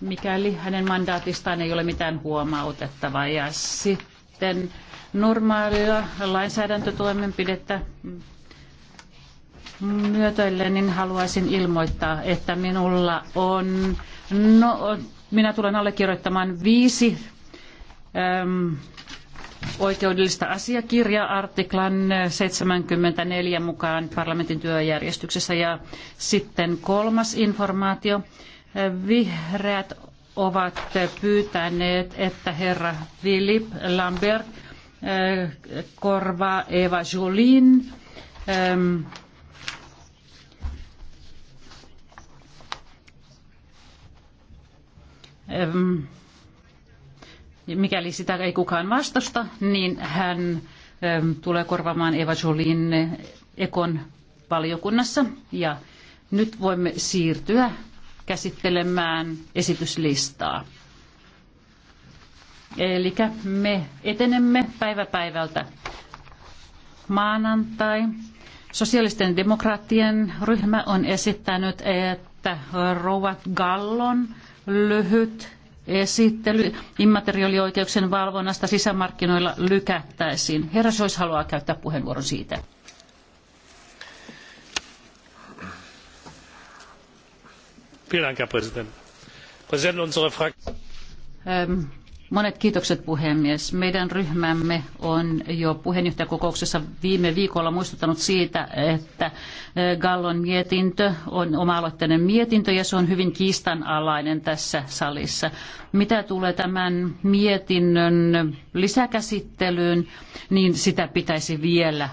mikäli hänen mandaatistaan ei ole mitään huomautettavaa. Ja sitten normaalia lainsäädäntötoimenpidettä myötöille, niin haluaisin ilmoittaa, että minulla on, no, minä tulen allekirjoittamaan viisi äm, oikeudellista asiakirjaa artiklan 74 mukaan parlamentin työjärjestyksessä. Ja sitten kolmas informaatio. Vihreät ovat pyytäneet, että herra Philip Lambert eh, korvaa Eva Jolin. Mikäli sitä ei kukaan vastusta, niin hän tulee korvaamaan Eva Jolin Ekon valiokunnassa. Ja nyt voimme siirtyä käsittelemään esityslistaa. Eli me etenemme päivä päivältä maanantai. Sosiaalisten demokraattien ryhmä on esittänyt, että Rovat Gallon lyhyt esittely immateriaalioikeuksien valvonnasta sisämarkkinoilla lykättäisiin. Herra Sois haluaa käyttää puheenvuoron siitä. herr präsident! Ähm, monet kiitokset puhemies. meidän ryhmämme on jo puheenjohtajakokouksessa viime viikolla muistuttanut siitä että äh, gallon mietintö on oma aloitteinen mietintö ja se on hyvin kiistanalainen tässä salissa. mitä tulee tämän mietinnön lisäkäsittelyyn niin sitä pitäisi vielä